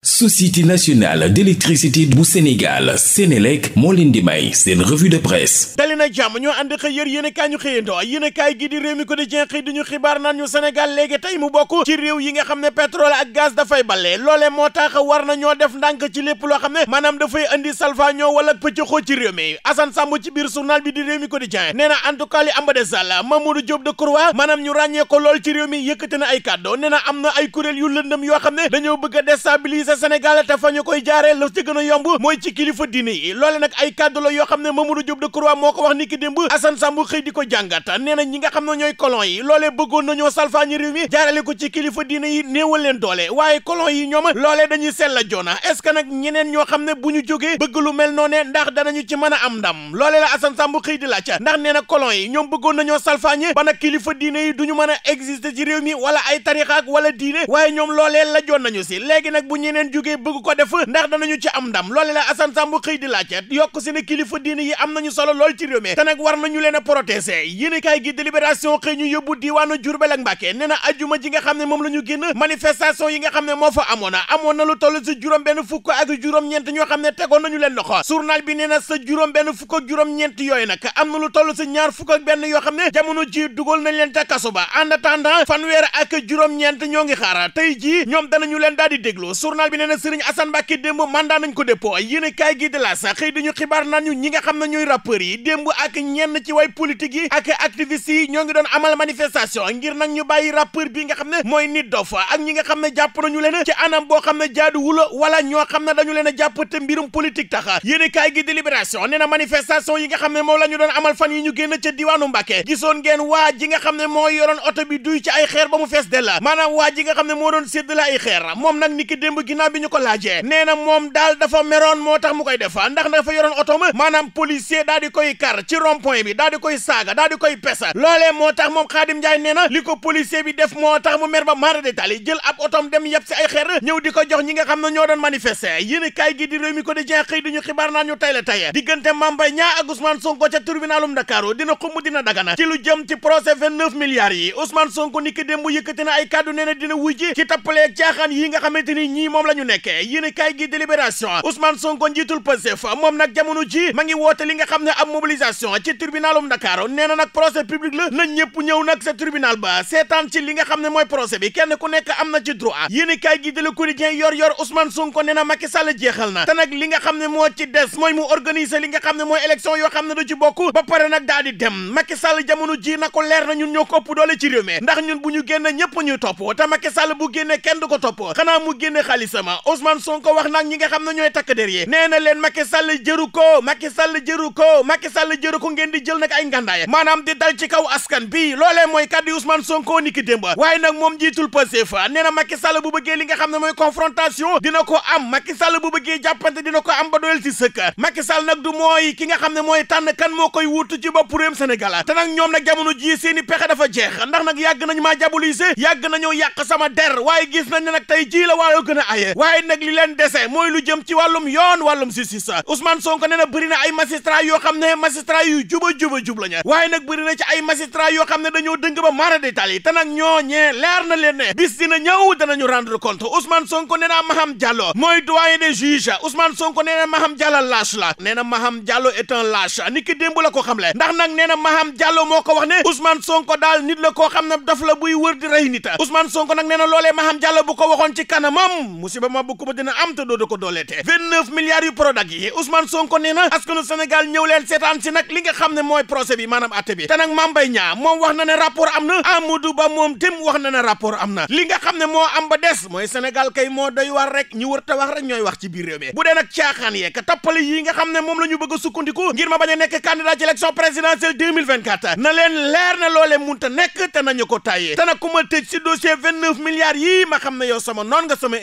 société nationale d'électricité bu Sénégal Sénélec moo leen di may seen revue de presse dali jàmm ñoo ànd xëy yër yéen ñu xëyandoo yéen a kaay gi di réew mi ko di jenxëy di ñu xibaar naan ñu Sénégal léegi tey mu bokk ci réew yi nga xam ne pétrole ak gaz dafay balee loole moo tax war na ñoo def ndànk ci lépp loo xam ne maanaam dafay indi salfa ñoo wala pëccëxoo ci réew mi Assane Samb ci biir journal bi di réew mi ko di jen nee na en tout cas li amba de sall lool ci réew mi yëkkate na ay kàddo nee na am na ay yoo xam ne dañoo bëgg a sa Sénégal te fa ñu koy jaaree la ci gën yomb mooy ci kilifa diine yi loole nag ay kàddu la yoo xam ne Mamadou Diop Decroix moo ko wax ni ki démb Assane Samb xëy di ko jàngat nee na ñi nga xam ne ñooy colon yi loolee bëggoon nañoo salfaañi réew mi jaarale ko ci kilifa diine yi néewal leen doole waaye colon yi ñoom loolee dañuy sella joona est ce que nag ñeneen ñoo xam ne bu ñu jógee bëgg lu mel noonee ndax danañu ci mën a am ndam loole la Assane Samb xëy di laaj ndax na colon yi ñoom bëggoon nañoo salfaañe ba nag kilifa diine yi wala ay tarixa ak wala diine waaye ñoom loolee la joon nañu si léegi nag bu feneen jógee bëgg ko def ndax danañu ci am ndam loole la Assane Samb xëy di laajte yokk si ne kilifa diine yi am nañu solo lool ci réew mi te nag war nañu leen a protéger yéenekaay gi délibération xëy ñu yóbbu jur Jurbel ak Mbàkke nee na ajuma ji nga xam ne moom la ñu génn manifestation yi nga xam ne moo fa amoon amoon na lu toll si juróom benn fukk ak juróom-ñeent ñoo xam ne tegoon nañu leen loxo journal bi nee na sa juróom benn fukk ak juróom-ñeent yooyu nag am na lu toll si ñaar fukk ak benn yoo xam ne jamono ji dugal nañ leen ca kaso ba en attendant fanweer ak juróom-ñeent ñoo ngi xaara tey jii ñoom danañu leen daal di déglu journal bi nee na Serigne Assane Mbacké démb mandat nañ ko dépôt yéene kaay gi de la sax xëy xibaar naan ñi nga xam ne ñooy rappeurs yi démb ak ñenn ci way politique yi ak activistes yi ñoo ngi doon amal manifestation ngir nag ñu bàyyi rappeur bi nga xam ne mooy nit dof ak ñi nga xam ne jàpp nañu leen ci anam boo xam ne jaaduwul wala ñoo xam ne dañu leen a jàpp te mbirum politique tax yéene kaay gi délibération nee na yi nga xam ne moom la ñu doon amal fan yi ñu génn ca diwaanu Mbacké gisoon ngeen ne moo yoroon oto ay xeer ba mu fees della maanaam waa ji nga xam doon sédd la ay xeer moom nag ni ginnaaw bi ñu ko laajee nee na moom daal dafa meroon moo tax mu koy def ndax dafa yoroon oto maanaam policier daal di koy kar ci rond bi daal di koy saaga daal di koy pesa loolee moo tax moom Xaadim Njaay nee na li ko policier bi def moo tax mu mer ba mara détaali jël ab otom dem yab si ay xeer ñëw di ko jox ñi nga xam ne ñoo doon manifester yéen a kaay gi di réew mi ko di jeex xëy di ñu xibaar naan ñu tay la tey diggante Mame Mbaye Niang ak Ousmane Sonko ca tribunalum ni la ñu nekkee yéen kaay gi délibération Ousmane Sonko njiitul Pastef moom nag jamono ji ma ngi woote li nga xam ne ab mobilisation ci tribunalum Dakar nee na nag procès public la na ñëpp ñëw nag sa tribunal ba seetaan ci li nga xam ne mooy procès bi kenn ku nekk am na ci droit yéen kaay gi de Le Quotidien yor yor Ousmane Sonko nee na Macky Sall jeexal na te nag li nga xam ne moo ci des mooy mu organiser li nga xam ne mooy élection yo xam ne du ci bokk ba pare nag daal di dem Macky Sall na leer na ñun ñoo ko ëpp doole ci réew ndax bu ñu génne ñëpp ñuy topp te Macky Sall kenn ko topp xanaa mu génne justement Ousmane Sonko wax nag ñi nga xam ne ñooy takk der yi nee na leen Macky Sall jëru ko Macky Sall jëru ko Macky Sall jëru ko ngeen di jël nag ay ngàndaay maanaam di dal ci kaw askan bi loolee mooy kàddu Ousmane Sonko ni ki démb waaye nag moom jiitul Pastef nee na Macky Sall bu bëggee li nga xam ne mooy confrontation dina ko am Macky Sall bu bëggee jàppante dina ko am ba doyal ci sëkk Macky Sall nag du mooy ki nga xam ne mooy tànn kan moo koy wuutu ci bopp réewum Sénégal te nag ñoom nag jamono jii seeni pexe dafa jeex ndax nag yàgg nañ maa jabulise yàgg nañoo yàq sama der waaye gis nañ ne tey ji la waayo gën a aye waaye nag li leen dese mooy lu jëm ci wàllum yoon wàllum justice Ousmane Sonko nee na bëri na ay magistrat yoo xam ne magistrat yu juba juba jub ña waaye nag bëri na ci ay magistrat yoo xam ne dañoo dëng ba mara détail yi te nag ñoo leer na leen ne bis dina ñëw danañu rendre compte Ousmane Sonko nee naa Maham jallo mooy doyen des juges Ousmane Sonko nee na Maham Diallo lâche la nee na Maham Diallo est un lâche ni ki démb la ko xamle ndax nag nee na Maham Diallo moo ko wax ne Ousmane Sonko daal nit la koo xam ne daf la buy wër di rey nit Ousmane Sonko nag nee na loolee Maham Diallo bu ko waxoon ci kanamam musiba ma bu ko dina am te dooda ko dooleete vingt-neuf milliards yu Prodac yi Ousmane Sonko nee na askanu Sénégal ñëw leen seetaan si nag li nga xam ne mooy procès bi maanaam atte bi te nag Mame Mbaye Niang moom wax na ne rapport am na Amadou Ba moom tim wax na ne rapport am na li nga xam ne moo am ba des mooy Sénégal kay moo doy war rek ñu wër wax rek ñooy wax ci biir réew mi bu dee nag caaxaan yeeg tappale yi nga xam ne moom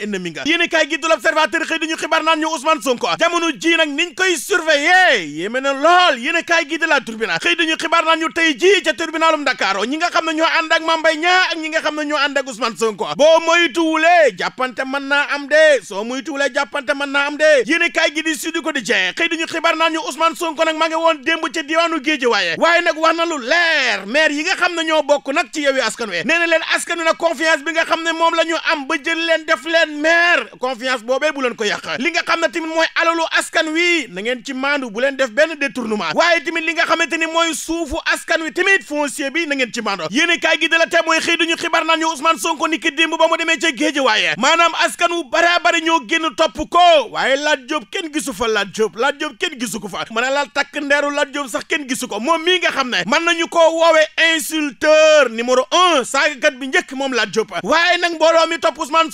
la bëgg a Dieng yéen kaay gi du l'Observateur xëy di ñu xibaar naan ñu Ousmane Sonko jamono nag niñ koy surveiller yéeme na lool yéen kaay gi la Tribune xëy di ñu xibaar naan ñu tey ji ca tribunalum Dakar ñi nga xam ne ñoo nga xam ne ñoo ànd ak Ousmane Sonko boo moytuwulee jàppante mën naa am de soo moytuwulee jàppante mën naa am de yéen gi di Sud Quotidien xëy di ñu xibaar naan ñu Ousmane Sonko nag ma ngi woon waaye nag wax na lu leer maire yi nga xam ne ñoo bokk nag ci Yewwi Askan Wi nee na leen askan wi nag confiance bi nga xam ne moom la ñu am ba jël leen def leen maire contraire confiance boobee bu ko yàq li nga xam ne tamit mooy alalu askan wi na ci maandu bu def benn détournement waaye tamit li nga xamante ni mooy suufu askan wi tamit foncier bi na ci maandu yéen kaay gi la te mooy xëy duñu xibaar naan ñu Ousmane Sonko ni ki démb ba mu demee ca géej waaye maanaam askan wu bare bare ñoo topp ko waaye Lat Diop kenn gisu fa Lat Diop Lat gisu ko fa mën la takk waaye nag mbooloo topp Ousmane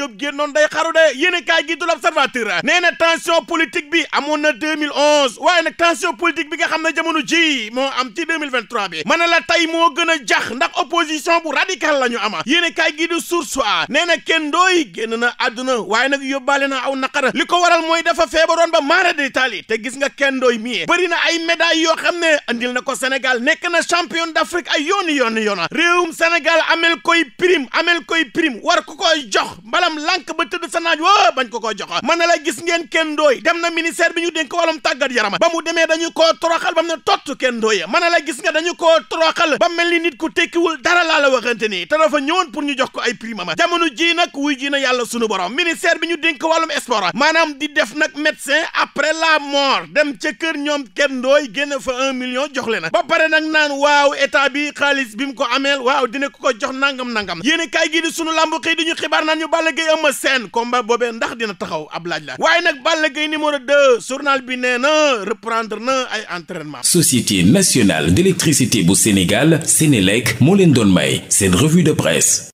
Diop génnoon day xaru de yéen kaay gi du l'observateur nee na tension politique bi amoon na 2011 waaye nag tension politique bi nga xam ne jamono ji moo am ci 2023 bi mën na la tey moo gën a jax ndax opposition bu radical la ñu ama yéen kaay gi du Source A nee na kenn dooy génn na àdduna waaye nag yóbbaale na aw naqar li ko waral mooy dafa feebaroon ba maara de Italie te gis nga kenn dooy mii bëri na ay médailles yoo xam ne andil na ko Sénégal nekk na champion d'Afrique ay yooni yooni yoona réewum Sénégal amel koy prime amel koy prime war ko koy jox mbala maanaam wa bañ ko koo jox mën na la gis ngeen kenn dooy dem na ministère bi ñu dénk wàllum tàggat yarama ba mu demee dañu koo la gis nga dañu koo toroxal ba mel nit ku tekkiwul dara laa la waxante nii te dafa ñëwoon pour ñu jox ko ay prix mama jamono ji nag wuy ji yàlla sunu borom ministère bi ñu dénk wàllum sport maanaam di def nag médecin après la mort dem ca ñoom kenn dooy génn fa un million jox leen ba pare nag naan waaw état bi xaalis bi mu ko ameel waaw dina ko ko jox nangam nangam yéen kay gi sunu lamb xëy ñu xibaar naan ñu Balla Gueye Eumeu Sène combat boobee ndax dina taxaw ab laaj la waaye nag Balla Gaye numéro 2 journal bi nee na reprendre na ay entraînement société nationale d'électricité bu Sénégal Sénélec moo leen doon may seen revue de presse